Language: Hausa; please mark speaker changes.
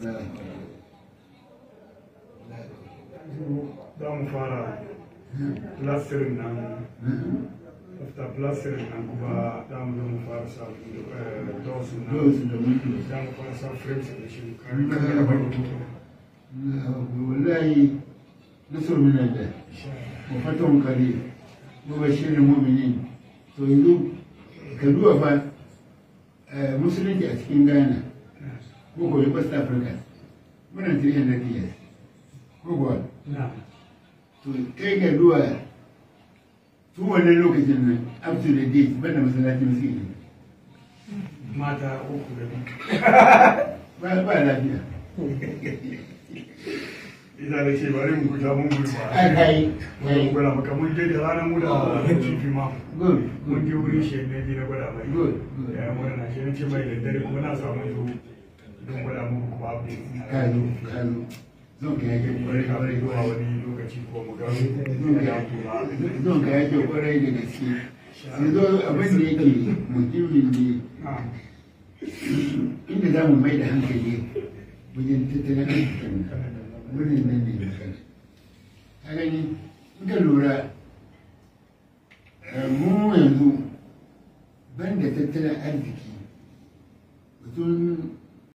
Speaker 1: za mu fara plasirin da nasar da mu fata mu kare to yanzu eh, musulunci a cikin ghana ko gobe west africa muna 300 years ko gobe kai ga duwa tun wannan lokacin nan up to the date banda masallaci masu yi mata uku da ba ba lafiya ina da ke guda mun gudu ba kai mun gwada maka mun je da ranar mu da oh, cifi ma mun je wurin shi ne na gwada mai good ya mu na shi ne ce da dare kuma na samu yau don gwada yake kwarai da gaske yanzu abin da yake mutumin ne inda za mu mai da hankali wajen tattalin arzikin wurin nan ne magana a in ka lura eh, mu yanzu ban da tattalin arziki mutum